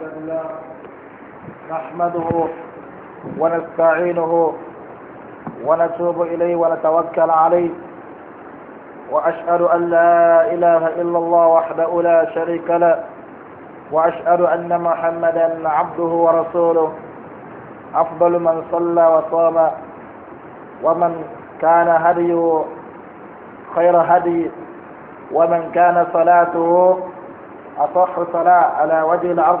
الحمد لله نحمده ونستعينه ونتوب إليه ونتوكل عليه وأشهد أن لا إله إلا الله وحده لا شريك له وأشهد أن محمدا عبده ورسوله أفضل من صلى وصام ومن كان هديه خير هدي ومن كان صلاته أصح صلاة على وجه الأرض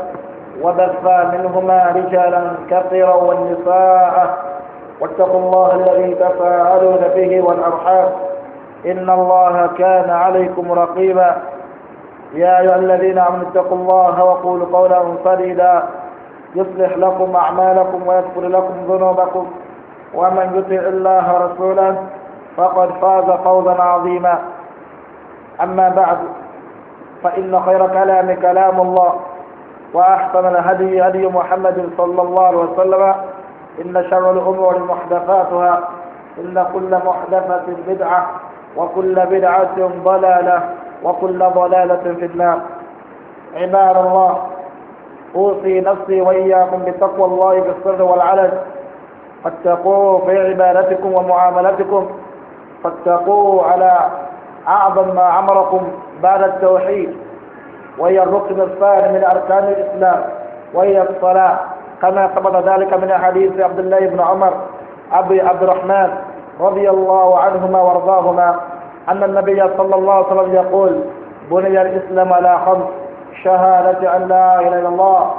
وبث منهما رجالا كثيرا والنساء واتقوا الله الذي تساءلون به والأرحام إن الله كان عليكم رقيبا يا أيها الذين آمنوا اتقوا الله وقولوا قولا سديدا يصلح لكم أعمالكم ويغفر لكم ذنوبكم ومن يطع الله رسولا فقد فاز فوزا عظيما أما بعد فإن خير كلام كلام الله وأحسن الهدي هدي محمد صلى الله عليه وسلم إن شر الأمور محدثاتها إن كل محدثة بدعة وكل بدعة ضلالة وكل ضلالة في النار عباد الله أوصي نفسي وإياكم بتقوى الله بالسر والعلن فاتقوه في عبادتكم ومعاملتكم فاتقوه على أعظم ما أمركم بعد التوحيد وهي الركن الثاني من أركان الإسلام وهي الصلاة كما ثبت ذلك من حديث عبد الله بن عمر أبي عبد الرحمن رضي الله عنهما وارضاهما أن النبي صلى الله عليه وسلم يقول بني الإسلام على خمس شهادة أن لا إله إلا الله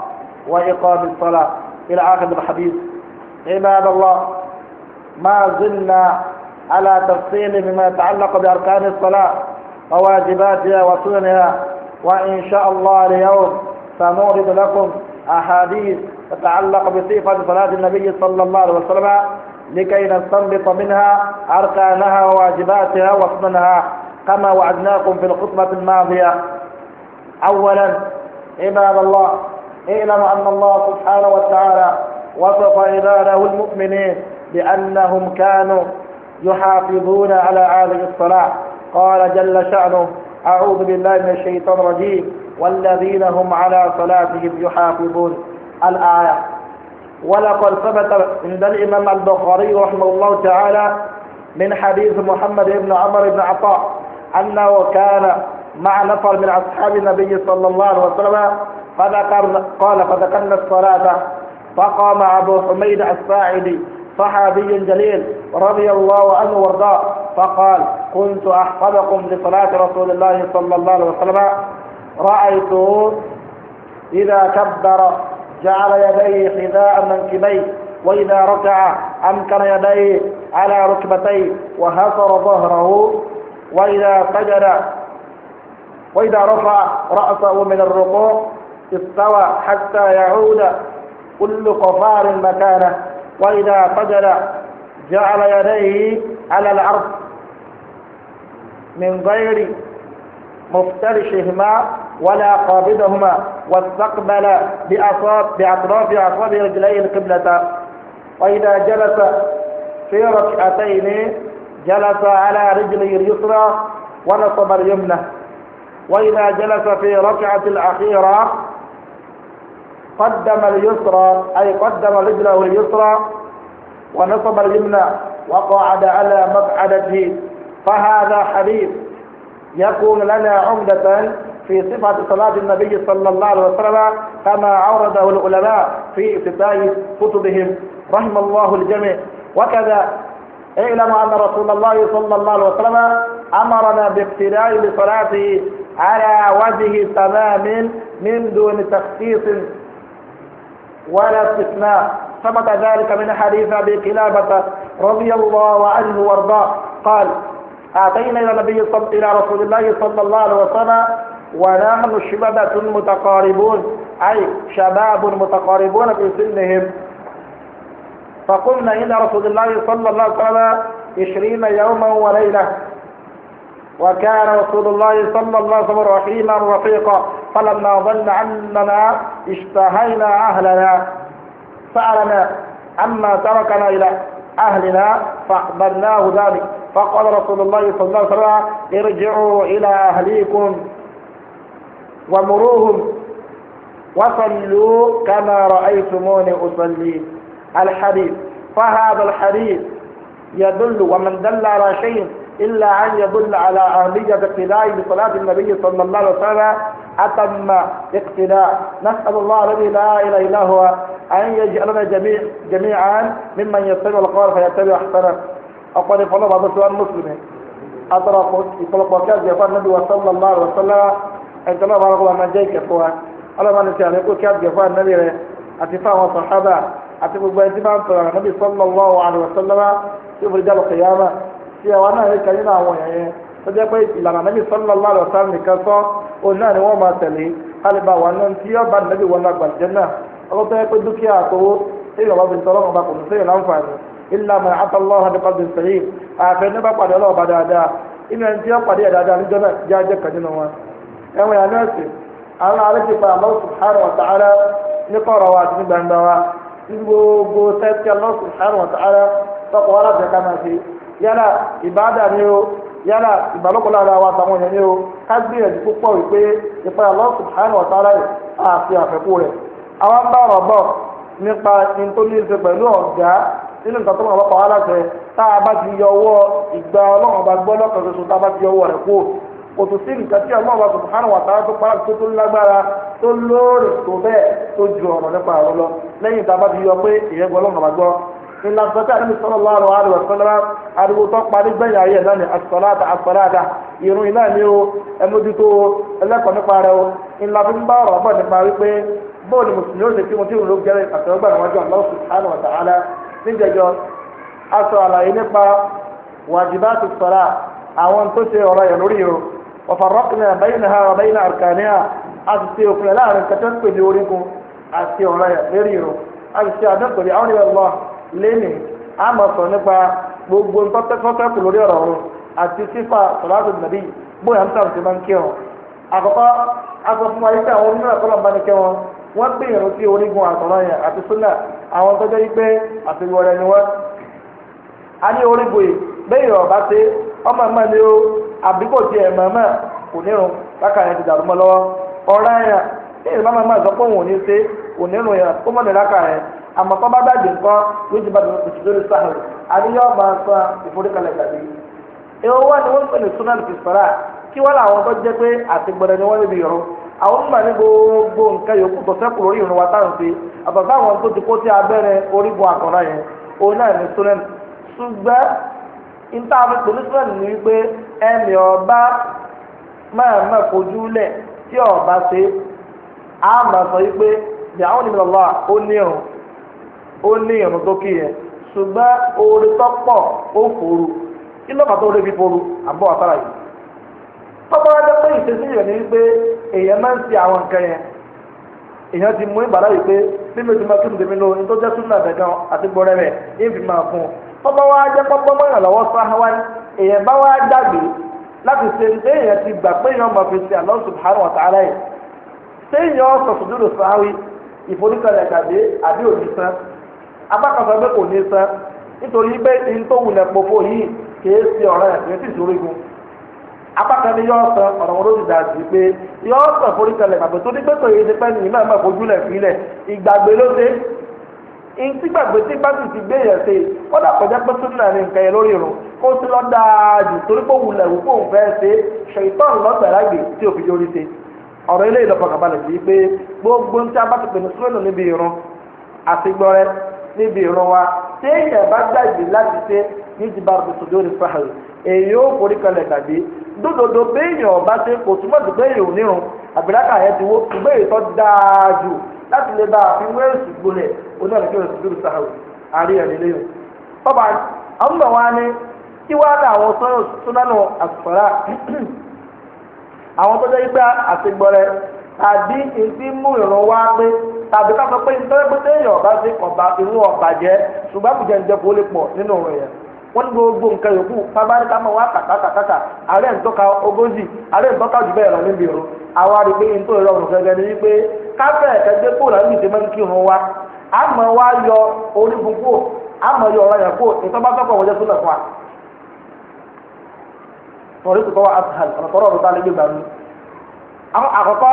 وإقام الصلاة إلى آخر الحديث عباد الله ما زلنا على تفصيل بما يتعلق بأركان الصلاة وواجباتها وسننها وإن شاء الله اليوم سنورد لكم أحاديث تتعلق بصفة صلاة النبي صلى الله عليه وسلم لكي نستنبط منها أركانها وواجباتها وسننها كما وعدناكم في الخطبة الماضية أولا عباد الله اعلم أن الله سبحانه وتعالى وصف عباده المؤمنين بأنهم كانوا يحافظون على هذه الصلاة قال جل شأنه أعوذ بالله من الشيطان الرجيم والذين هم على صلاتهم يحافظون الآية ولقد ثبت عند الإمام البخاري رحمه الله تعالى من حديث محمد بن عمر بن عطاء أنه كان مع نفر من أصحاب النبي صلى الله عليه وسلم فذكر قال فذكرنا الصلاة فقام أبو حميد الساعدي صحابي جليل رضي الله عنه وارضاه فقال كنت أحفظكم لصلاة رسول الله صلى الله عليه وسلم رأيته إذا كبر جعل يديه حذاء منكبيه وإذا ركع أمكن يديه على ركبتيه وهصر ظهره وإذا سجد وإذا رفع رأسه من الركوع استوى حتى يعود كل قفار مكانه وإذا قدر جعل يديه على الأرض من غير مفترشهما ولا قابضهما واستقبل بأصاب بأطراف أصابع رجليه القبلة وإذا جلس في ركعتين جلس على رجله اليسرى ونصب اليمنى وإذا جلس في ركعة الأخيرة قدم اليسرى أي قدم رجله اليسرى ونصب اليمنى وقعد على مقعدته فهذا حديث يكون لنا عمدة في صفة صلاة النبي صلى الله عليه وسلم كما عرضه العلماء في كتاب كتبهم رحم الله الجميع وكذا اعلم أن رسول الله صلى الله عليه وسلم أمرنا باقتداء بصلاته على وجه تمام من دون تخصيص ولا استثناء ثبت ذلك من حديث أبي كلابة رضي الله عنه وارضاه قال أتينا إلى النبي صل... إلى رسول الله صلى الله عليه وسلم ونحن شبابة متقاربون أي شباب متقاربون في سنهم فقلنا إلى رسول الله صلى الله عليه وسلم عشرين يوما وليلة وكان رسول الله صلى الله عليه وسلم رحيما رفيقا فلما ظن أننا اشتهينا أهلنا سألنا عما تركنا إلى أهلنا فأخبرناه ذلك فقال رسول الله صلى الله عليه وسلم ارجعوا إلى أهليكم ومروهم وصلوا كما رأيتموني أصلي الحديث فهذا الحديث يدل ومن دل على شيء إلا أن يدل على أهمية اقتداء بصلاة النبي صلى الله عليه وسلم أتم اقتداء نسأل الله الذي لا إله إلا هو أن يجعلنا جميع جميعا ممن يستمع القول فيتبع أحسنه أقول فلو بعض السؤال مسلم أطرق يطلق وكاد يفعل النبي صلى الله عليه وسلم أنت لا بارك الله من جيك أخوة ألا ما نسأل يقول كاد يفعل النبي أتفاع وصحابة أتفاع وصحابة النبي صلى الله عليه وسلم شوف رجال القيامة tí ẹ wá náà yẹ kẹ́ nínú àwọn èèyàn yẹn tó jẹ́ pé ìlànà nàbí sallallahu alaihi wasallam nìkan sọ òun náà ni wọ́n máa tẹ̀lé alìbá wà náà tí yọba nàbí wọn náà gbàjẹ́ náà ọlọ́tọ́ yẹ pé dúkìá tí ọba kò ní láǹfààní nípa bí nípa pàdé dáadáa ẹni tí yọ pàdé dáadáa níjọ́ náà jẹ́ ajẹ́ kan nínú wọn. yà àwọn pa wa àti yálà ìbáàdà ni o yálà ìbálòpọ̀ lára wa àtàwọn èèyàn ni o ká púpọ̀ wípé ìpayà Allah subhanahu wa ta'ala àti àfẹ́kù rẹ̀ àwọn bá ọ̀rọ̀ bọ̀ nípa ní tó ní ṣe pẹ̀lú ọ̀gá nínú nǹkan tó ń lọ́pàá wá a bá ti yọ ọwọ́ ìgbà ọlọ́run ọba gbọ́ lọ́kàn tá a bá ti yọ ọwọ́ rẹ̀ kú kò tó sí nǹkan tí ọlọ́run tó ńlá sọ́kà ní sallallahu alaihi wa sallam ariwo tó parí gbẹ̀yìn ayé náà ní as-salata as-salata irun iná ni o ẹmójútó ẹlẹ́kọ̀ọ́ nípa rẹ o ńlá fi ń bá ọ̀rọ̀ bọ̀ nípa wípé bóòlù mùsùlùmí ó lè kí wọn tí òun ló gẹ́rẹ́ àtẹ̀wọ́gbà níwájú Allah subhanahu wa ta'ala níjẹjọ aṣọ àlàyé nípa wàjibáàtì sọ̀rà àwọn tó ṣe ọ̀rọ̀ yẹn lórí o ọ̀fàrọ́kìnà bẹ́yìn ha bẹ́yìn àrùkàníà a ti ṣe láàrin kẹtẹ́ ń pè ní orígun àti ọ̀rọ̀ yẹn lérí o a ti ṣe àwọn ìyẹn lọ́wọ́ léni a máa sọ nípa gbogbo ntọ́tẹ́kọ́tẹ́ kù lórí ọrụ ọ̀run àti sífà sọ̀rọ̀ nàbí bóyá níta ti máa ń kí wọn. àkọ́kọ́ aṣọ fún wa yìí pé àwọn onímọ̀ ẹ̀kọ́ lọ́nà bá ní kẹ́ wọn wọ́n pè é rántí orígun àtọ̀rọ̀ yẹn àti súnà àwọn tọ́jọ́ yìí pé rẹ̀ ni wọ́n. a ní orígun yìí bẹ́ẹ̀ yọ̀ bá ṣe ọmọ mọ́ ni ó àbíkò kò nírun yẹn ti dàrú àmọ́ tó bá gbàgbé nǹkan yóò ti bá dùn kùtù lórí sáhùn àníyàn máa san ìforíkalẹ̀ tàbí. èèwọ̀ wà ní wọ́n pè ní sunan fìsàrà kí wọ́n làwọn tó jẹ́ pé àtìgbọ̀dẹ̀ ni wọ́n níbi ìrún àwọn mímọ̀ ní gbogbo nǹkan yòókù tó sẹ́kù lórí ìrún wa táwọn fi àbàbà àwọn tó ti kó sí abẹ́rẹ́ orígun àkànná yẹn òun náà ní sunan ṣùgbọ́n níta fi pè ní sunan ní wípé àwọn ènìyàn ó ní ìrùn tó kí yẹn ṣùgbọ́n oore tó pọ̀ ó fòrò kí ló bá tó rébi fòrò àbọ̀ àtàrà yìí tọ́pọ̀ ẹgbẹ́ pé ìṣesí rẹ̀ ni wípé èèyàn máa ń ṣe àwọn nǹkan yẹn èèyàn ti mú ìgbàlá yìí pé bí mi ti máa kí tèmi lò ní tó jẹ́ súnà àtẹ̀gàn àti gbọ́rẹ́ rẹ̀ ń fi máa fún un tọ́pọ̀ wá jẹ́ pọ́pọ́ mọ́ ìrànlọ́wọ́ sáháwá èèyàn bá wá dàgbé láti ṣe èèyàn ti fi ṣe wa ta'ala yìí ṣé èèyàn abákàtà pé kò ní san nítorí pé ní tó wulẹ̀ pòfo yìí kìí ṣe ọ̀rẹ́ ẹ̀ sì sórí gun apákan ni yóò san ọ̀rọ̀ wọn ló ti dàsí pé yóò san foríkalẹ̀ gbàgbé tó ní pẹ́tọ̀ yìí ti pẹ́ nìyí náà máa fojú lẹ̀ fílẹ̀ ìgbàgbé ló dé ntí gbàgbé tí bábí ti gbé yẹn ṣe kódà kọjá pé súnà ní nǹkan yẹn lórí irun kó tí lọ dáadì torí pé òun lẹ̀wù kó ń fẹ́ ṣèyítọ́n lọ́gbàrá gbè tí òfin yóò rí ṣe ọ̀rọ̀ ilé ìlọ́pàá kàbalẹ̀ sí pé gbogbo ntí abá ti pè ní níbi irun àti gbọ́rẹ́ níbi tí èyí téèyàn bá gbàgbé láti ṣe yíjìbá àbùsùdó ní fàáyì èyí ó forí kalẹ̀ gbàgbé dódòdó ọba ṣe kò túmọ̀ sí pé ò nírun àbíláka ti èyí tó dáa jù láti lè bá gbolẹ̀ ní fàáyì àárí ẹ̀ nílé yìí. àwọn ọmọ wa kí àwọn àwọn tó jẹ́ àtìgbọ́rẹ́ pé tàbí ká sọ pé ntẹ́rẹ́pẹ́tẹ́ èèyàn ọba sí ọba inú ọba jẹ́ ṣùgbọ́n àbújá ń jẹ kó lè pọ̀ nínú ọ̀rọ̀ yẹn wọ́n ní gbogbo nǹkan yòókù tábàárí ká máa wá kàkàkàkà ààrẹ ń tọ́ka ogójì ààrẹ ń tọ́ka jù bẹ́ẹ̀ lọ níbi ìrún àwa rí i pé n tó rọrùn gẹ́gẹ́ ni wípé káfẹ́ ẹ̀kẹ́gbẹ́ kó làwọn ìdè máa ń kírun wa a máa wá yọ orígun kó a máa yọ ọ̀rọ̀ yẹn kó ìtọ́ bá fẹ́ wọlé tó lẹ̀kọ́ wa. sọ̀rọ̀ ìtùkọ́ wa asahal ọ̀nà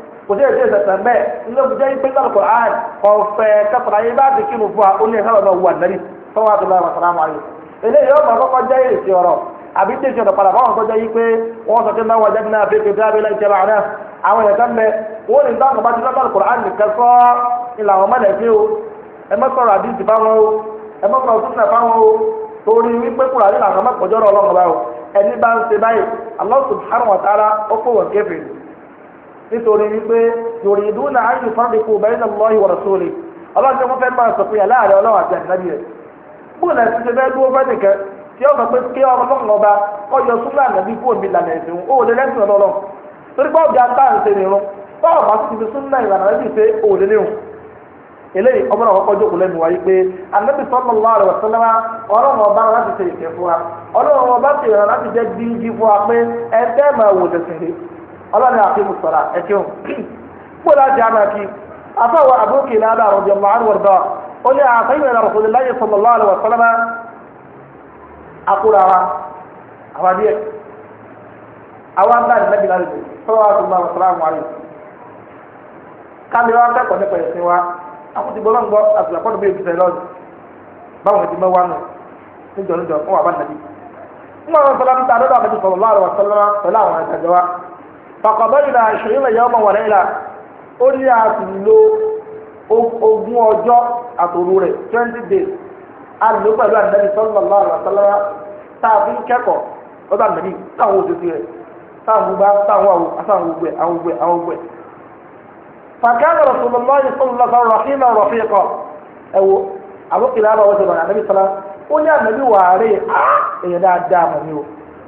kò sí ẹ̀sìn ẹ̀sẹ̀ mẹ́ẹ̀ ńlẹ́ kò jẹ́ ipé náà kò án ọ̀fẹ́ kẹfàrà yìí bá ti kírun fún wa ó ní ẹ̀ka bàbá wà nàbí sọ́wọ́ àti bàbá sàrà máa yẹ. eléyìí ọmọ àkọ́kọ́ jẹ́ èsì ọ̀rọ̀ àbí tí èsì ọ̀rọ̀ padà fáwọn tó jẹ́ yìí pé wọ́n sọ pé náà wàjẹ́ náà fi kìtà bí láì jẹba àná àwọn ẹ̀ka nítorí wípé yorì ìdúró náà á yìí fáwọn ikú bẹ́ẹ̀ náà lọ́yìn wọ̀rọ̀ sóòlì ọlọ́run tí wọ́n fẹ́ máa sọ pé aláàrẹ ọlọ́run àti ànábì rẹ̀ bóun náà ti ṣe fẹ́ dúró fẹ́ nìkan tí ó sọ pé kí ọlọ́run ọba ọyọ súnmọ́ ànábì kúrò mi lànà ẹ̀sìn òun òde lẹ́sìn ọlọ́run torí pé ọjà tá ń ṣe nìrun báwo bá ti súnmọ́ ìlànà ọlọ́ni àti mùsọ̀rà ẹ̀kẹ́ òun láti àmà kí afọwọ́ àbúkì lábà rọ̀jọ̀ mọ́hán wọ̀rọ̀dọ̀ ó ní àtẹ́yìn ẹ̀rọ rọ̀sọ̀lẹ̀ láyé sọ̀lọ̀ lọ́wọ́ àlọ́ sọ́lọ́mà àkúrà wa àwọn díẹ̀ àwọn bá ní lẹ́bi láti sọ́wọ́ àti mọ́ àwọn sọ́lámù kámi wa kẹ́kọ̀ọ́ wa àwọn ti gbọ́ lọ́ngbọ́ fàkọ̀bẹ́yìnà na yọ ọmọ wọ̀lẹ́ ó ní a ti lo ogún ọjọ́ àtòru rẹ̀ twenty days a lò pẹ̀lú àlàsálára a kẹ́kọ̀ọ́ lọ́dọ̀ ànábi táwọn òṣèṣe rẹ̀ táwọn gbogbo táwọn àwọn àtàwọn gbogbo àwọn gbogbo àwọn gbogbo ẹ̀. fàkẹ́rẹ́ rọ̀sọ̀lọ́lá yìí wo àbúkìlá àbáwọ̀ ó ní wàárẹ̀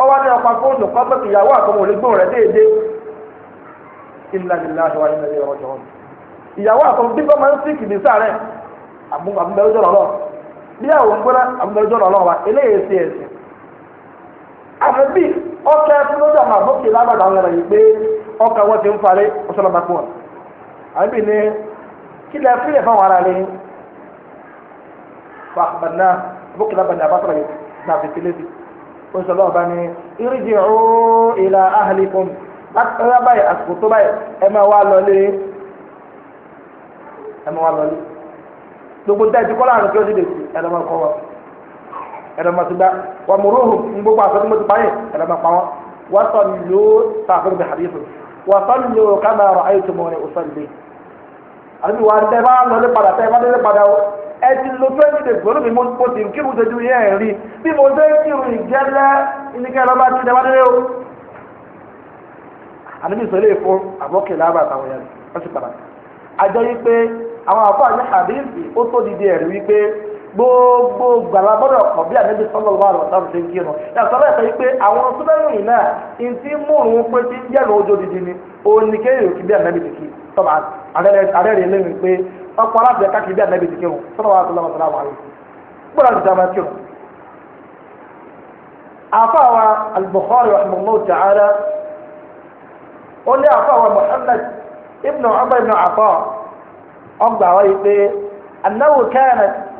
ọwọ́ ní ọpa fóònù pápẹ́ ìyàwó àtọmọ òlégbò rẹ̀ déédé ìlànà ìlànà wa ìlànà ìyàwó ọjọ́ ìyàwó àtọmọ bí bọ́ máa ń sìnkì ní sáré àbúgbàbúgbàlójọ́ lọ́lọ́ bí àwọn gbọ́dá àbúgbàlójọ́ lọ́lọ́ wa eléyìí sí ẹ̀sìn àmì bí ọkẹ́ fúnlọ́jà máa bókè lágbàdà àwọn ẹ̀rọ pé ọkà wọn ti ń falẹ̀ ọ̀sọ́lọ́mà pọ̀ àmì bí ní kí lẹ fílẹ̀ fáwọn ara rẹ̀ fàbànà bókè lágbàdà àbátọ̀ yìí náà oṣù ọlọ́ọ̀bá ni irji'u ila ahlikum látọ̀yà a àsìkò tó báyìí ẹ máa wá lọlé ẹ máa gbogbo dá ìdíkọ́ láàrin kí ó dìde sí ẹ̀rọ máa ti Wa muru hu gbogbo mo ti kama àbí wà tẹ bá lọlé padà tẹ bá lọlé padà o ẹ ti lo twenty days pẹ̀lú mi mo ti kírun ṣojú yẹn ẹ̀ rí bí mo ṣe ń kírun ìjẹ́lẹ́ ìníkẹ́ lọ́ba ti tẹ bá lọlé o. àdébí sọ eléyìí fún àbọ̀kẹ̀lẹ̀ àbá àtàwọn yẹn wọ́n padà. àjọ yìí pé àwọn àfọ àjẹ àdéhìí ó tó dìde ẹ̀rí wípé gbogbo gbàlábọ́dọ̀ ọ̀pọ̀ bí àdébí sọ́lọ́ lọ́wọ́ àlọ́ sáà ṣe ń kírun yàtọ̀ láì pé àwọn súnmẹ́rùn yìí náà pé tí ń ojú odidi ni òun ni bí àdébí ti kí tọ́ba àrẹ́rẹ́ lẹ́nu pé ọkọ̀ aláṣẹ káàkiri bí àdébí ti kírun sọ́dọ̀ wà sọ́dọ̀ sọ́dọ̀ àwọn àrùn gbọ́dọ̀ ti sàmà kírun. ó wa ibn ibn Afa ọgbà pé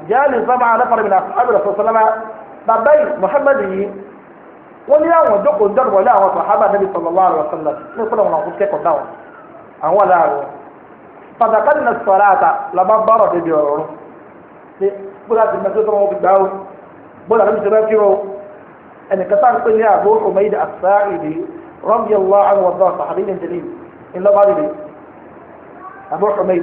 jáàlì sábà anáfàlẹ́ mi náà sábà sọ́sọ́lámà bàbá yìí Muhammad yìí wọ́n ní àwọn jókòó jọ́ wọlé àwọn sàhábà Nabi sallallahu alaihi wasallam ní ìpínlẹ̀ wọn àwọn kẹ́kọ̀ọ́ dáwọn àwọn aláàrọ̀ pàtàkì ní sọ̀rọ̀ àtà làbá bọ̀rọ̀ débi ọ̀rọ̀ ní bóyá ti mẹ́tò sọ́wọ́n fi gbà ó bóyá ti sọ́wọ́n fi rọ ẹnìkan sáà ń pè ní Abu Umayd as-Sa'idi radiyallahu àwọn ọ̀dọ́ sàhábà ní ìjẹ́lẹ̀ ńlọ́bàdìdì Abu Umayd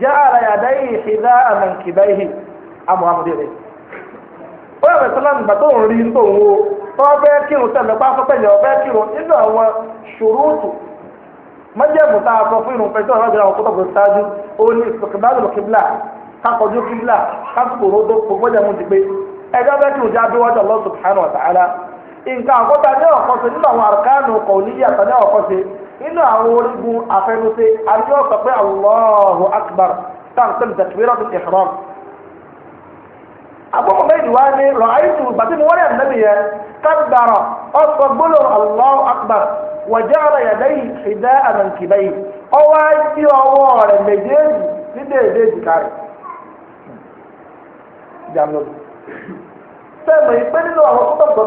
jaala yadayhi hidaa mankibaihi amuhamudi rẹ ó yàgbẹ́ sọ́lámù ìgbà tó ń rí tó ń wo tó kírun pa fún kírun nínú àwọn tá a sọ fún irun pẹ̀lú ọ̀rọ̀ àwọn kótó gbèsè ṣáájú ó ní ìsọ̀kìbálò kíbla kakọjú kíbla kásìkò ròdó gbogbo jẹ́mu ti pé ẹjọ́ fẹ́ kírun já bí wájú Allah subhanahu nǹkan àkọ́ta ní ọ̀kọ́sẹ̀ inú àwọn orígun àfẹnusẹ àdúgbò sọ pé allahu akbar táǹtẹ̀ tẹ̀síwìrọ̀ tó ihram. àbúrò méjì wá ní rọ̀háìtù bàtí mo wọ́n rí ànábì yẹn kábàárọ̀ ọ̀sọ̀ gbọ́dọ̀ allahu akbar wàjẹ́ ọ̀rọ̀ yàdáyì ìdá àmàǹkìbáyì ọwọ́ ajé ọwọ́ rẹ̀ méjèèjì ní déédéé jìkà rẹ̀. sẹ́mi pé nínú àwọn tó tọ̀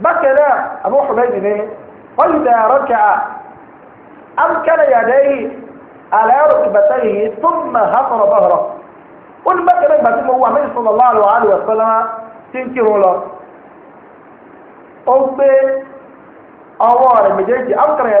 bákan náà Abu Humayd ní wọ́n yìí dàrọ́ a amkana yàdẹ́yì àlàyé kìbàtà yìí tó mà ha sọ̀rọ̀ bọ̀rọ̀ ó ní bákan náà gbàtí mo wà mí sallallahu alaihi wa sallam tí ń kírun lọ ó gbé ọwọ́ rẹ̀ méjèèjì amkana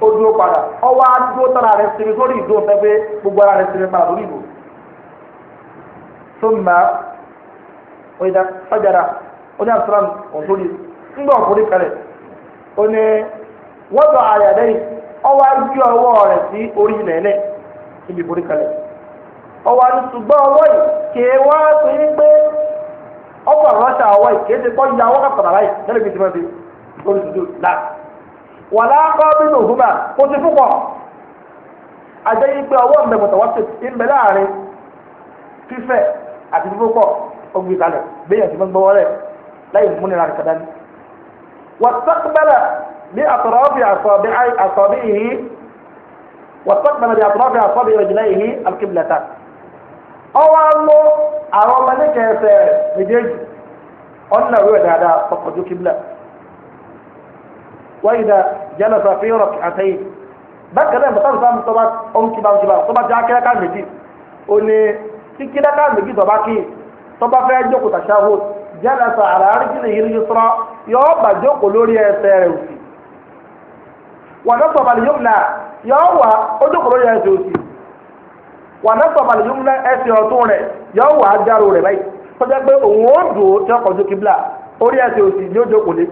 ó dúró padà ọwọ́ adúró tára rẹ̀ sinmi sórí ìdó fẹ́fẹ́ gbogbo ara rẹ̀ sinmi padà lórí ìbò. tó ọjà ọjàrà ọjà sọ́ra ọ̀sọ́rí ńgbà ọ̀kùnrin kalẹ̀ ó ní wọ́n bọ̀ àyà lẹ́yìn ọwọ́ ọwọ́ rẹ̀ sí orí níbi ọwọ́ ọwọ́ yìí wá pé ọkọ̀ rọ́ṣà ọwọ́ yìí wàlá kọ́bínú òhùnmá kò sí púpọ̀ àjẹ́ yìí pé ọwọ́ mẹ́kọ̀tà wá sí ìmẹ́ láàrin fífẹ́ àti púpọ̀ ọgbìn kalẹ̀ gbéyàn sí gbọ́ rẹ̀ láì múnira rẹ̀ kadà ní. wàtọ́kùbẹ́lẹ̀ ní àtọ̀rọ̀bì àsọ̀bí yìí wàtọ́kùbẹ́lẹ̀ ní àtọ̀rọ̀bì àsọ̀bí ìrìnlẹ̀ yìí alkibulata. ọwọ́ ló àwọn ọmọ ní kẹsẹ̀ méjèèjì ọ̀nà rẹ̀ dáadáa وإذا جلس في ركعتين bákan náà bàtà sàmù tó bá ọ̀hún kíba ọ̀hún kíba tó bá jẹ́ akẹ́lẹ́ká méjì ó ní kíkí lẹ́ká méjì tó bá kí tó bá fẹ́ jókòó tàṣáwó jalasa ala arjilihi al-yusra yóò bá jókòó lórí ẹsẹ̀ rẹ̀ òsì wa nasaba al-yumna yóò wà ó jókòó lórí ẹsẹ̀ òsì wa nasaba al-yumna ẹsẹ̀ ọ̀tún rẹ̀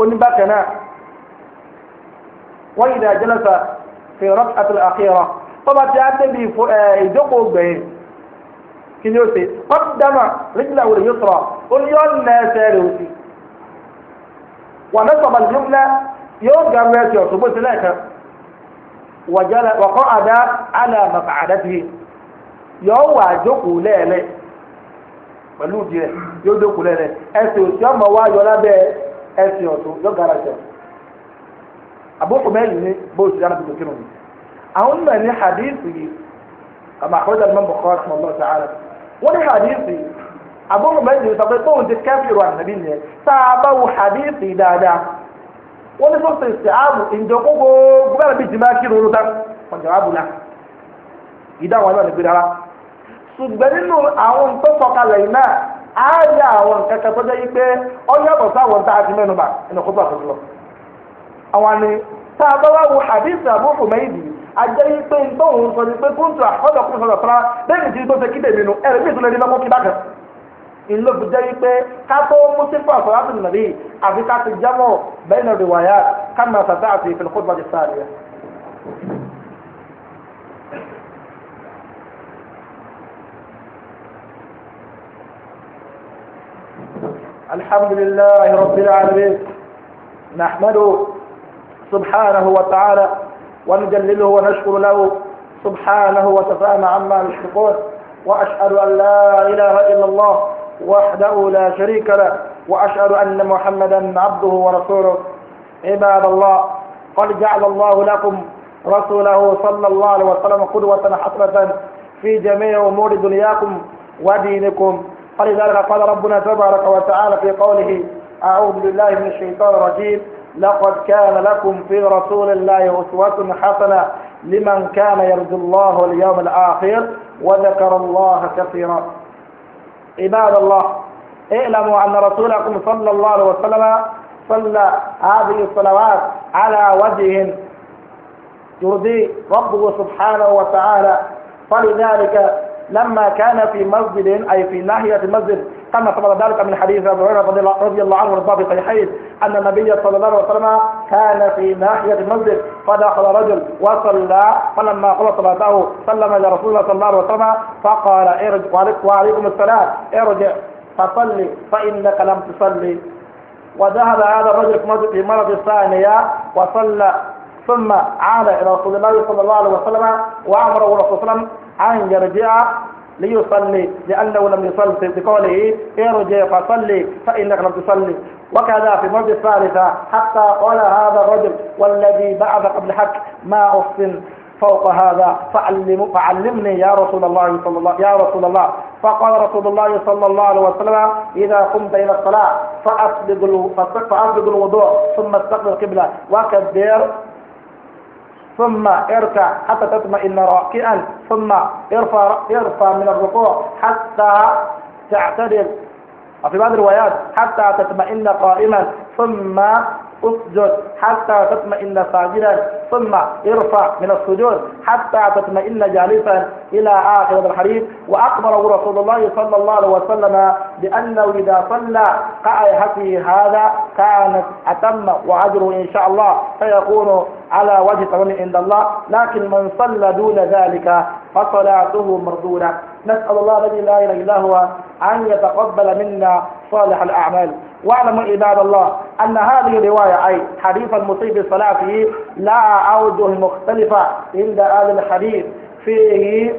oníbàkànnà wọ́n yìí dà jẹ́lẹ́sà fi rọ́k àtúlẹ̀ àkíyọ̀ tọ́ba tí a débi ìjókòó gbẹ̀yìn kí ni ó ṣe wọ́n ti dáná rẹ́jìlá wòlé yóò sọ̀rọ̀ ó ní yóò lẹ́ ẹsẹ̀ rẹ̀ òsì wà ní sọ̀bà jùmlẹ̀ yóò ga mẹ́sì ọ̀ṣọ́gbó sílẹ̀ kan wàkọ́ àdá àlà màkà àdá tìrì yóò wà jókòó lẹ́ẹ̀lẹ́ pẹ̀lú ìdí yóò jókòó lẹ́ẹ̀lẹ́ ẹsẹ̀ òsì ọmọ wa yọ lábẹ́ ẹsìn ọ̀tún yóò gara jẹ àbúkù mẹ́rin ní bóòsì yára tuntun kírun àwọn onímọ̀ ní hadithi yìí àmà àkọ́jà Imam Bukhari ọ̀sán ọlọ́ọ̀tà ara wọ́n ní hadithi yìí àbúkù mẹ́rin sọ pé tóun ti kẹ́fìrò ànàbí yẹn tá a bá wo hadithi dáadáa wọ́n ní sọ́sẹ̀ ṣe ààbò ìjọ gbogbo gbogbo kírun ló tán á yà àwọn nǹkan kan tó jẹ́ yí pé ọlọ́pàá sáwọn tá a ti mẹ́nu bà ẹnì kó tó àtúntò lọ. àwọn ni tá a bá wá wo hadith Abu Humaydi ajẹ́ yí pé ntọ́hún sọ ni pé kóńtù àkọ́dọ̀ kó sọ̀rọ̀ fúnra bẹ́ẹ̀ni tí tó ṣe kíde mi nu ẹ̀rẹ́ mi ìtúlẹ̀ nílẹ̀ kó kí bákan. ìlú fi jẹ́ yí pé ká tó mú sí fún àkọ́rọ́ àti nàbí àfi ká ti jámọ̀ bẹ́ẹ̀ ni rìwáyà ká máa sàtà àti ìfẹ̀lẹ́kọ́ الحمد لله رب العالمين نحمده سبحانه وتعالى ونجلله ونشكر له سبحانه وتفاءل عما يشركون وأشهد أن لا إله إلا الله وحده لا شريك له وأشهد أن محمدا عبده ورسوله عباد الله قد جعل الله لكم رسوله صلى الله عليه وسلم قدوة حسنة في جميع أمور دنياكم ودينكم فلذلك قال ربنا تبارك وتعالى في قوله أعوذ بالله من الشيطان الرجيم لقد كان لكم في رسول الله أسوة حسنة لمن كان يرجو الله اليوم الآخر وذكر الله كثيرا عباد الله اعلموا أن رسولكم صلى الله عليه وسلم صلى هذه الصلوات على وجه يرضي ربه سبحانه وتعالى فلذلك لما كان في مسجد أي في ناحية المسجد كما ثبت ذلك من حديث أبي هريرة رضي الله عنه وارضاه في صحيحين أن النبي صلى الله عليه وسلم كان في ناحية المسجد فدخل رجل وصلى فلما قضى صلاته سلم إلى رسول الله صلى الله عليه وسلم فقال ارجع وعليكم السلام ارجع فصلي فإنك لم تصلي وذهب هذا الرجل في مرض الثانية وصلى ثم عاد إلى رسول الله صلى الله عليه وسلم وأمره رسول الله أن يرجع ليصلي لأنه لم يصلي بقوله ارجع إيه فصلي فإنك لم تصلي وكذا في مرض الثالثة حتى قال هذا الرجل والذي بعث قبل حق ما أحسن فوق هذا فعلم فعلمني يا رسول الله صلى الله يا رسول الله فقال رسول الله صلى الله عليه وسلم إذا قمت إلى الصلاة فأسبغ الوضوء ثم استقبل القبلة وكبر ثم اركع حتى تطمئن راكعا ثم ارفع ارفع من الركوع حتى تعتدل وفي بعض الروايات حتى تطمئن قائما ثم اسجد حتى تطمئن ساجدا ثم ارفع من السجود حتى تطمئن جالسا إلى آخر الحديث وأخبره رسول الله صلى الله عليه وسلم بأنه إذا صلى كأيهته هذا كانت أتم واجر إن شاء الله فيكون على وجه تمام عند الله لكن من صلى دون ذلك فصلاته مردودة نسأل الله الذي لا إله إلا هو أن يتقبل منا صالح الأعمال واعلموا عباد الله أن هذه الرواية أي حديث المصيب الصلاة فيه لا أوجه مختلفة عند أهل الحديث فيه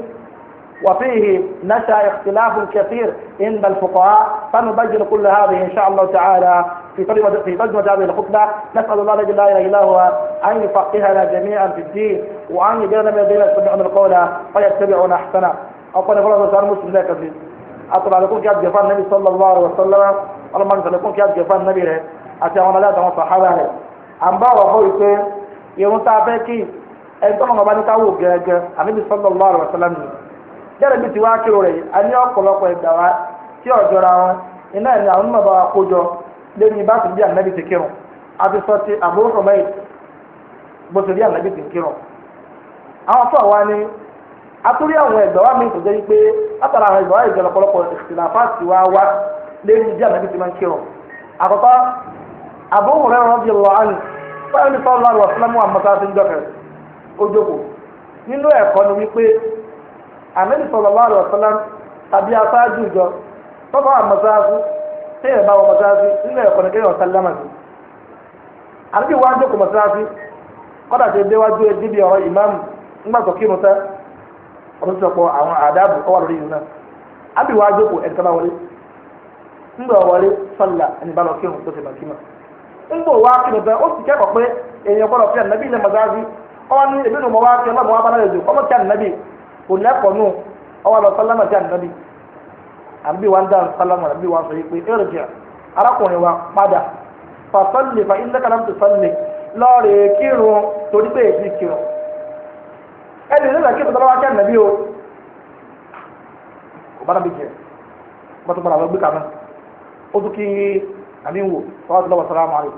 وفيه نشأ اختلاف كثير عند الفقهاء فنبين كل هذه إن شاء الله تعالى في طلب في ترجمة هذه الخطبة نسأل الله جل وعلا إله أن يفقهنا جميعا في الدين وأن يجعلنا من الذين يتبعون القول فيتبعون أحسنه أقول فرصة صار مسلم لا كثير أطلع لكم كيف جفان النبي صلى الله عليه وسلم اللهم أنزل لكم كيف جفان النبي له أتى عملاء دم الصحابة له أم باو أخوي يوم تعبكي أنت ما بني تعو جاك النبي صلى الله عليه وسلم jẹ́rẹ̀ bí ti أني kérò rẹ̀ a ní ọ̀pọ̀lọpọ̀ ìgbà wa tí ọ̀jọ́ra wọn iná lẹ́yìn bá ti bí ànábì ti kírun àti sọ ti àbúrò ọmọ yìí bó ti rí ànábì ti kírun. àwọn afọ àwa ni atúrí àwọn ẹgbẹ́ wa mi tó jẹ́ pé látara àwọn ẹgbẹ́ wa ìjọ lọ́pọ̀lọpọ̀ ìsìnàfà ti wá wá lẹ́yìn bí ànábì ti máa ń kírun. àkọ́kọ́ àbúrò rẹ̀ rán lọ àná báyọ̀ ní àmọ́tá ó jókòó nínú ẹ̀kọ́ ni wípé kéèyàn bá wọ mọ́sáàsì nínú ẹ̀kọ́ ni kéèyàn sálámà sí àbí wàá jókòó mọ́sáàsì kọ́dà tó déwájú ẹ díbi ọ̀rọ̀ ìmáàmù ńgbà tó kírun tán ọdún tó pọ̀ àwọn àdáàbò ọwọ́ lórí yìí náà àbí wàá jókòó ẹ̀ka bá wọlé ńgbà àbí wa ń dáhùn sálámù àbí wa sọ yìí pé irji' arákùnrin wa padà fa salli fa innaka lam tusalli lọ́ọ̀rì kírun torí pé èsì kírun ẹni nígbà kí ìtọ́lọ́wọ́ akẹ́ nàbí o kò bá nàbí jẹ bá tó padà lọ gbé kàmú ó tún kí àmì ń wò wọ́n ti lọ́wọ́ sàlámù àlè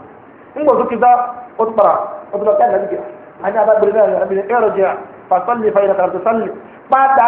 ńgbà tó kí dá ó tún padà ó tún lọ kẹ́ nàbí jẹ àní adágbére náà nàbí ẹ̀rọ jẹ fa salli fa innaka pátá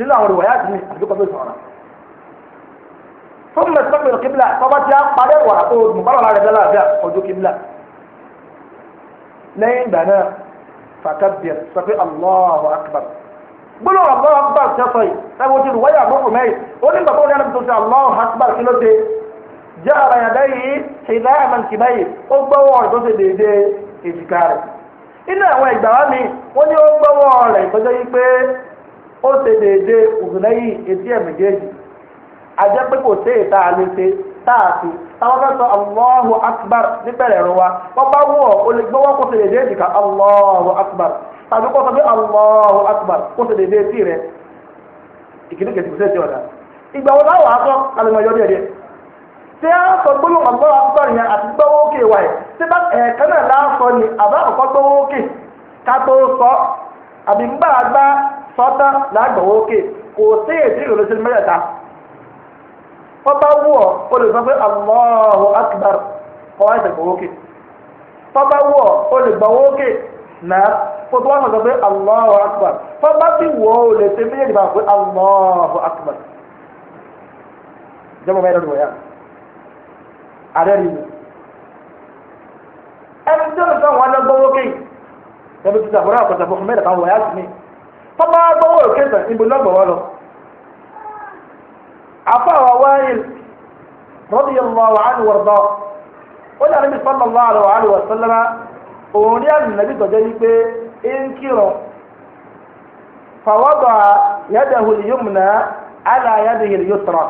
nínú àwọn ìwà yáàtì ní àdúgbò tó sọ̀rọ̀ fún mi sọ́kùnrin kíbla tọ́ba tí a parí ìwà tó mùbálọ̀ lára ẹ̀dá láàbíà ọjọ́ kíbla lẹ́yìn ìgbà náà fàkàbíyà sọ pé Allahu akbar gbọ́dọ̀ Allahu akbar ṣe sọ yìí sábẹ́ ojú ìwáyà àgbọ̀kù mẹ́rin ó ní bàbá òní àdàbí tó ṣe Allahu akbar kí ló dé jẹ́ ara yàda yìí ṣèlá àmàǹkì báyìí ó gbọ́wọ́ rẹ̀ tó ṣe déédéé èjìká rẹ̀ inú àwọn ìgbà wa mi wọ́n ní ó gbọ́wọ́ rẹ̀ tọ́jọ́ yìí pé ó ṣe déédé ògùnlẹ́yìn etí ẹ̀mẹ̀jẹ̀jì eji pé kò sí ìta àlèṣe táàfi táwọn fẹ́ sọ Allahu Akbar níbẹ̀rẹ̀ ẹ̀rọ wa wọ́n bá wù ọ́ lè gbọ́wọ́ kó ṣe déédé èjìká Allahu Akbar tàbí kó sọ pé Allahu Akbar kó ṣe déédé etí rẹ ìkíní ọ̀dà ìgbà wo láwọn aṣọ a sọ gbólóhùn Allahu Akbar sọ́tà lágbàwọ́ òkè kò sí èsì ìrọ̀lẹ́ sí mẹ́rẹ̀ta wọ́n bá wù ọ́ o lè sọ pé Allahu akbar kọ́ wá ìṣẹ̀gbọ̀wọ́ òkè wọ́n bá wù ọ́ o lè gbàwọ́ òkè náà kó tó sọ pé Allahu akbar wọ́n bá sì wù ọ́ o lè ṣe méjèèjì máa pé Allahu akbar jẹ́mọ̀ mẹ́rin ló wọ̀ yá àdẹ́rìí ẹni tó lè sọ wọn lọ gbọ́wọ́ òkè yẹbi tuntun àbúrò àkọsàbọ̀ fún mẹ́rin tọ́ba gbọ́wọ́ òkè tán níbo lọ́gbọ̀wọ́ lọ. afa wa wáyé radiyallahu anhu wọ̀rọ̀dọ̀ ó ní àdébí sallallahu alaihi wa sallama òun rí àmì nàbí tọ́jọ́ yìí pé ń kírun fàwọ́dọ̀ yadahu al-yumna ala yadihi al-yusra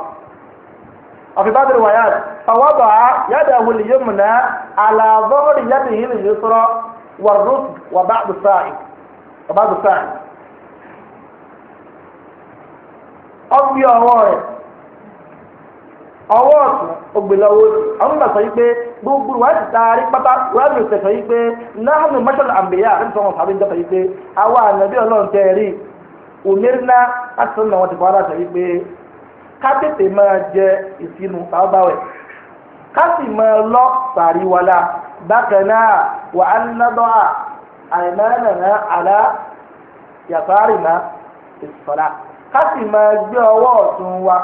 ọ̀fi bá dẹ̀rẹ̀ wáyà fàwọ́dọ̀ yadahu al-yumna ala dhahri yadihi al-yusra wọ̀rọ̀dọ̀ wà bá ọ̀gbìn ọwọ́ rẹ̀ ọwọ́ ọ̀tún ògbèlọ́wọ́ sí àwọn sọ pé gbogbo ti taari pátá wa ti sọ pé mashal ambeya àti sọ̀rọ̀ sàbí njọ́ sọ yìí pé àwa ànàbí ọlọ́run tẹ́ rí òmìnira láti sọ̀rọ̀ àwọn ti fọ́ ara sọ pé ká tètè máa jẹ ìsinu báwẹ̀ ká sì máa lọ sàrí bákan náà wà á nàná àlá yàtọ̀ àrìnà ká sì máa gbé ọwọ́ ọ̀tún wa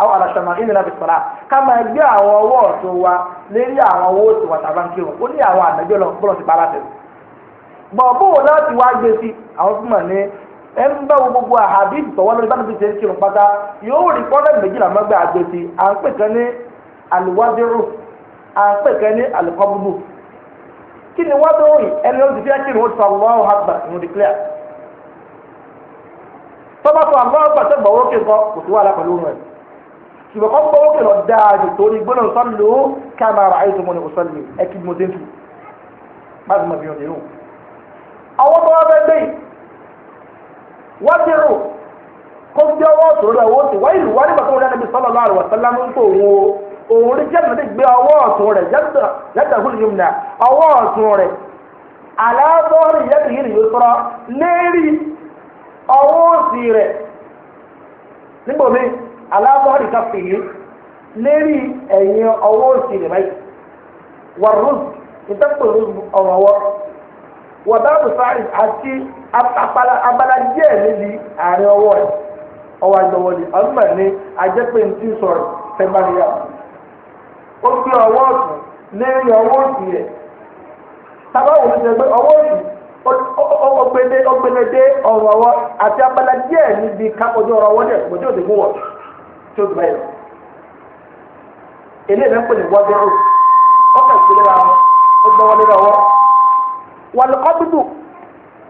àwọn àlàṣàmà ìlú náà fi sọ̀rọ̀ ká máa gbé àwọn ọwọ́ ọ̀tún wa lérí àwọn owó tí wọ́n tàbá ń kí wọn ó ní àwọn ànájọ́ lọ bọ́lọ̀ sí bàbá tẹ̀lé. bọ̀bú wo wá gbé sí àwọn ní ẹ ń bá gbogbo àhàbí ìtọ́wọ́ lórí ń pátá yóò rí sí à ń pè tọ́ba tó àgbà ọgbà tẹ́ gbọ́wọ́ kí n kọ́ kò sí wàhálà pẹ̀lú rẹ̀ ṣùgbọ́n kọ́ gbọ́wọ́ kí lọ dáa jù torí gbọ́dọ̀ sọ́lù kámẹ́rà àìsàn mọ́ni òṣèlú ẹ kí mo dénkù má sì mọ̀ bí ọ̀dẹ̀ rò. ọwọ́ tó wá fẹ́ gbé yìí wọ́n ti rò kó gbé ọwọ́ òṣòro rẹ̀ wọ́n ti wáyé ìlú wá nígbà tó wọlé ẹni sọ́lọ́ láàrú ọ̀sánlá ń pò wọn o òun rí jẹ́nu ọwọ́ òsì rẹ̀ nígbà aláàbọ̀rì ká fi yé lérí ẹ̀yìn ọwọ́ òsì rẹ̀ báyìí wà rúùsì ìtẹ́pọ̀ rúùsì ọ̀rọ̀ àti abala díẹ̀ níbi àárín ọwọ́ rẹ̀ ọwọ́ àjọwọ́ ni ọdúnmọ̀ ní ajẹ́pẹ́ sọ̀rọ̀ tẹ́gbàlíyà ó ọwọ́ lérí ọwọ́ rẹ̀ ọgbẹnẹ ọgbẹnẹdẹ ọ̀rọ̀ ọwọ́ àti abala díẹ̀ níbi kakọjú ọ̀rọ̀ dẹ mú tí eléyìí lẹ́kọ̀ọ́ wọ́n ọkọ̀ ra wọn ó gbọ́ dúdú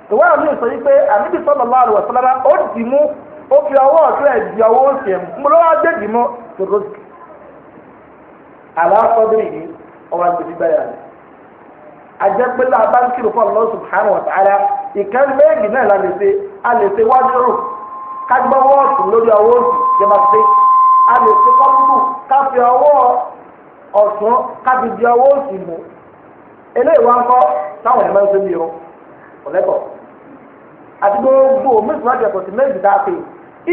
di ọwọ́ lọ́wọ́ adé dì mú ìkan méjì náà la lè ṣe a lè ṣe wájú rò ká gbọ́ lórí ọwọ́ òsì jẹ́ máa ṣe a lè ṣe kọ́tù ká fi ọwọ́ ọ̀tún ká fi di ọwọ́ òsì mú eléyìí wá ń kọ́ táwọn ẹ̀mọ́ ṣe mí o ọ̀lẹ́kọ̀ọ́ àti gbogbo méjì wájú méjì dáa pé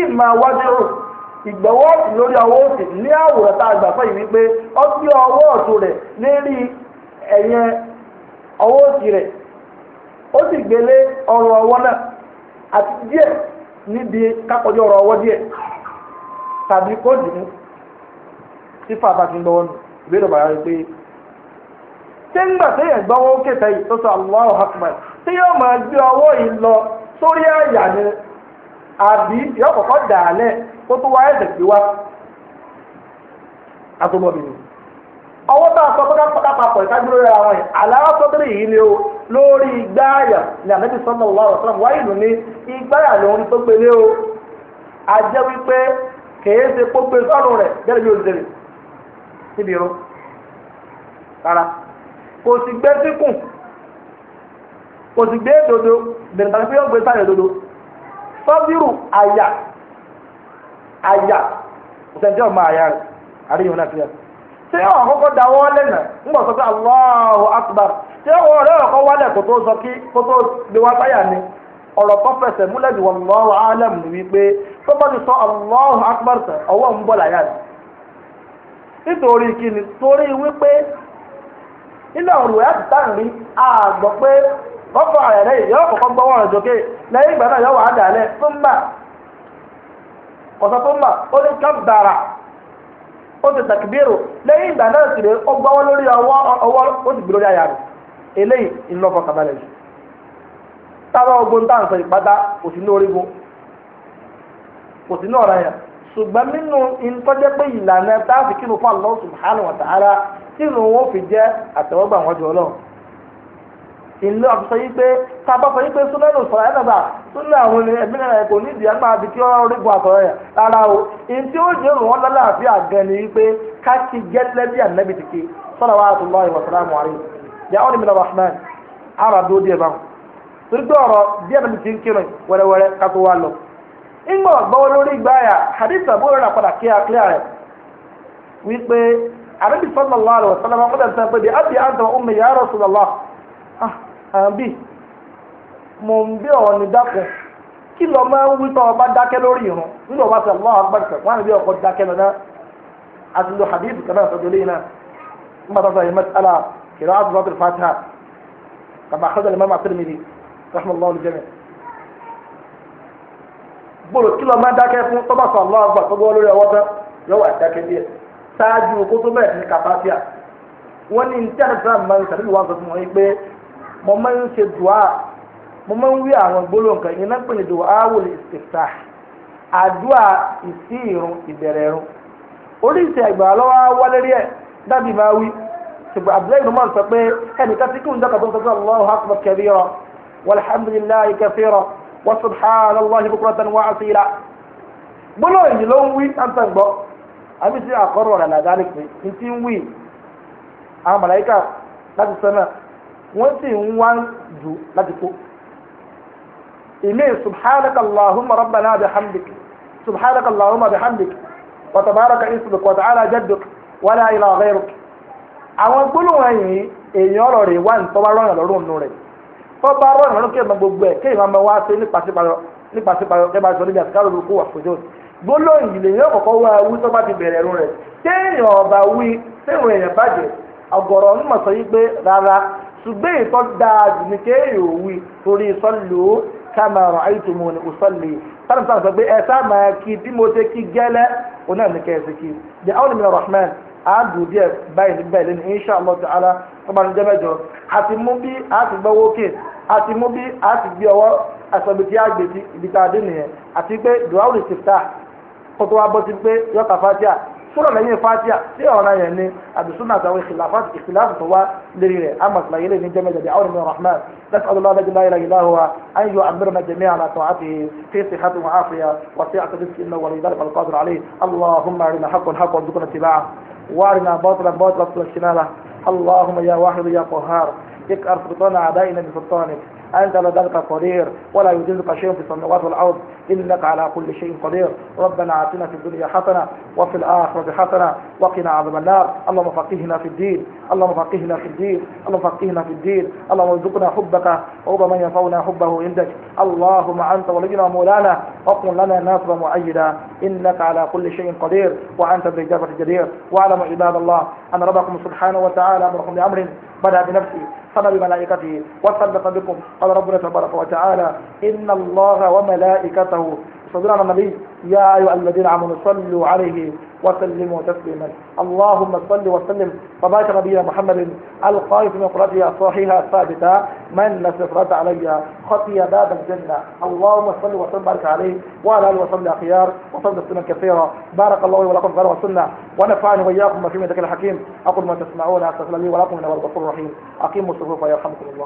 ìmọ̀ wájú rò ìgbọ̀wọ́ ọ̀tún lórí ọwọ́ o sì gbélé ọrụ ọwọ́ náà àti díẹ̀ níbi kákọjọ ọrùn ọwọ́ díẹ̀ tàbí kó dìmú tí fàbà ti ń gbọ́wọ́ nù ìbéèrè bàbá rẹ pé ṣé ń gbà téèyàn gbọ́wọ́ kéta yìí tó sọ Allahu Akbar tí yóò máa gbé ọwọ́ yìí ni àbí yóò dà á lẹ̀ kó tó wá ọwọ́ tá a sọ pé kápákà papọ̀ ìka dúró ra wọn yìí aláwọ̀ sọ́tìrì yìí ni o lórí igbáyà ní ànábì sọ́nà wà wà sọ́nà wáyé ló ní igbáyà lòun tó gbélé o a jẹ́ wípé kèé ṣe kó gbé sọ́nù rẹ̀ jẹ́rìí bí olùdèrè níbi irun rárá kò sì gbé síkùn kò sì gbé dodo bẹ̀rẹ̀ tàbí yóò gbé sáré dodo sọ́bírù àyà àyà kò sẹ́ni tí ò máa àyà rẹ̀ àríyìn náà fi hàn. ṣé wọn kọ́kọ́ dáwọ́ lẹ́nà ńgbọ̀ sọ pé Allahu Akbar ṣé wọn ọ̀rẹ́ ọ̀kọ́ wálẹ̀ kó tó sọ kí kó tó gbé wá sáyà ni ọ̀rọ̀ tó fẹsẹ̀ múlẹ̀ jù wallahu alam tó bá ti sọ Allahu Akbar ń láyà ni nítorí kíni torí wípé nínú àwọn àgbọ̀ pé kọ́kọ́ ààrẹ kọ́kọ́ gbọ́wọ́ lẹ́yìn ìgbà náà wà á ó ti tàkìbírò lẹ́yìn ìgbà náà sì rè ó gbọ́wọ́ lórí ọwọ́ ọwọ́ ó sì gbé lórí àyà rẹ̀ eléyìí ìlọ́kọ̀ kàbálẹ̀ jù táwọn ogun tá à ń sọ kò sí ní orígun kò sí ní ọ̀rọ̀ yẹn ṣùgbọ́n nínú ìtọ́jẹ́ pé ìlú àfisọ yìí pé tá a bá sọ yìí pé súnlẹ̀ ló sọ̀rọ̀ ẹ̀dàgbà súnlẹ̀ àwọn ènìyàn ẹ̀mí náà kò ní ìdí àgbà àbí kí wọ́n rí bu àtọ̀rọ̀ yẹn rárá o èyí tí ó jẹ́ òun lọ́lá àfi àgàn ni wípé ká ti gẹ́lẹ́ bí ànábì ti ké sọ́dọ̀ wa àti lọ́ọ̀ ìwọ̀sán náà mọ̀ọ́rẹ́ yà ọ́ ni mìíràn rahman ara dó díẹ̀ báwọn torí pé ọ̀rọ̀ díẹ̀ bẹ́ẹ̀ ti ń kírun àbí mò ń bí ọ̀rọ̀ ní dákun kí lọ máa ń wí tọ́ ọba dákẹ́ lórí ìrun nígbà wọ́n ti àwọn àgbà tẹ̀ wọ́n á bí ọkọ̀ dákẹ́ lọ náà àti lo hadith kan náà sọ́jọ́ lẹ́yìn náà nígbà tó sọ yìí mẹ́tàlá kìlọ́ àdúrà tó fàtà kàmá àkọ́jọ́ lè má máa tẹ̀lé mi gbọ́dọ̀ kí lọ máa dákẹ́ fún tọ́ba sọ àwọn àgbà tó gbọ́ lórí ọwọ́ tán yọ̀wọ̀ àdákẹ́ díẹ̀ ṣáájú kó tó bẹ̀rẹ̀ sí kàfáfíà wọ́n ní ní tí máa ń sàbíwá sọ fún wọn pé mo máa ń ṣe dùá mo máa ń wí àwọn gbólóhùn kan yẹn náà pè ní dùá wòl ìsìkà àdúà ìsí ìrun ìbẹ̀rẹ̀ ìrun oríṣi ẹgbà lọ́wọ́ wálé rí ẹ̀ dábì máa wí ṣùgbọ́n abdullahi ibn umar sọ pé ẹnìkan tí kò ń dọ́kà sọ pé allahu akbar kabira walhamdulillahi kathira wa subhanallahi bukratan wa asila gbólóhùn yìí ló ń wí àǹtà gbọ́ àbí sí àkọ́rọ̀ rẹ̀ làdáni pé ní ti ń wí àwọn màláyíkà wọ́n sì ń wá jù láti kó. ilé subhanaka allahumma rabbana bihamdik wa tabaraka ismuk wa ta'ala jadduk wa la ilaha ghayruk. àwọn gbólóhùn èèyàn ọ̀rọ̀ rẹ̀ wá lọ́rùn nù rẹ̀ tọ́ba lọ́rùn kí ẹ̀ máa gbogbo ẹ̀ kí ẹ̀ máa wá sí kí ẹ̀ máa sọ níbi wà gbólóhùn yìí lèyìn wá wí tó bá ti ṣùgbọ́n ìtọ́ dáa jù ní kéèyàn òwì torí sọ́lù kámẹ́rà àìtùmù ní òsọ́lì sáà sáà sọ pé ẹ sáà máa kí bí mo ṣe kí gẹ́lẹ́ oná ní kẹ́ẹ̀sì kí jẹ́ àwọn ènìyàn rahman àádùn díẹ̀ báyìí ní bẹ́ẹ̀ lẹ́nu insha allah ta'ala ọba ní jẹ́mẹ́jọ àti mú bí a ti gbọ́ wókè àti mú bí a ti gbé ọwọ́ àsọ̀bìtì àgbètì ibi tá a dé nìyẹn àti pé dùwáwùrì ti ta kótó wa bọ́ sí pé yọkà kúrò lẹ́yìn fatiha sí ọ̀ràn yẹn ni àdùsùnà àtàwọn ìkìláfù tó wá lérí rẹ̀ àmọ̀ sàlàyé lè ní jẹ́mẹ́jọ bí àwọn ènìyàn rahman نسأل الله الذي لا إله إلا هو أن يؤمرنا جميعا على طاعته في صحة وعافية وسعة رزق إنه ولي ذلك القادر عليه اللهم أرنا حق الحق وارزقنا اتباعه وأرنا باطلا باطلا وارزقنا اللهم يا واحد يا قهار اكرم سلطان أعدائنا بسلطانك أنت لذلك ذلك قدير ولا يجوزك شيء في السماوات والأرض إنك على كل شيء قدير ربنا آتنا في الدنيا حسنة وفي الآخرة حسنة وقنا عذاب النار اللهم فقهنا في الدين اللهم فقهنا في الدين اللهم فقهنا في الدين اللهم ارزقنا حبك وحب من ينفعنا حبه عندك اللهم أنت ولينا مولانا وكن لنا ناصرا مؤيدا إنك على كل شيء قدير وأنت بالإجابة الجدير واعلموا عباد الله أن ربكم سبحانه وتعالى أمركم بأمر بدأ بنفسه صلى بملائكته وصدق بكم قال ربنا تبارك وتعالى إن الله وملائكته صدر على النبي يا أيها الذين آمنوا صلوا عليه وسلموا تسليما اللهم صل وسلم وبارك نبينا محمد القائف من قراته صحيحة ثابتة من لا سفرات علي خطي باب الجنة اللهم صل وسلم بارك عليه وعلى آله وصحبه الأخيار وصلنا السنة كثيرا بارك الله ولكم في والسنة ونفعني وإياكم بما في ذكر الحكيم أقول ما تسمعون أستغفر لي ولكم من الغفور الرحيم أقيموا الصفوف ويرحمكم الله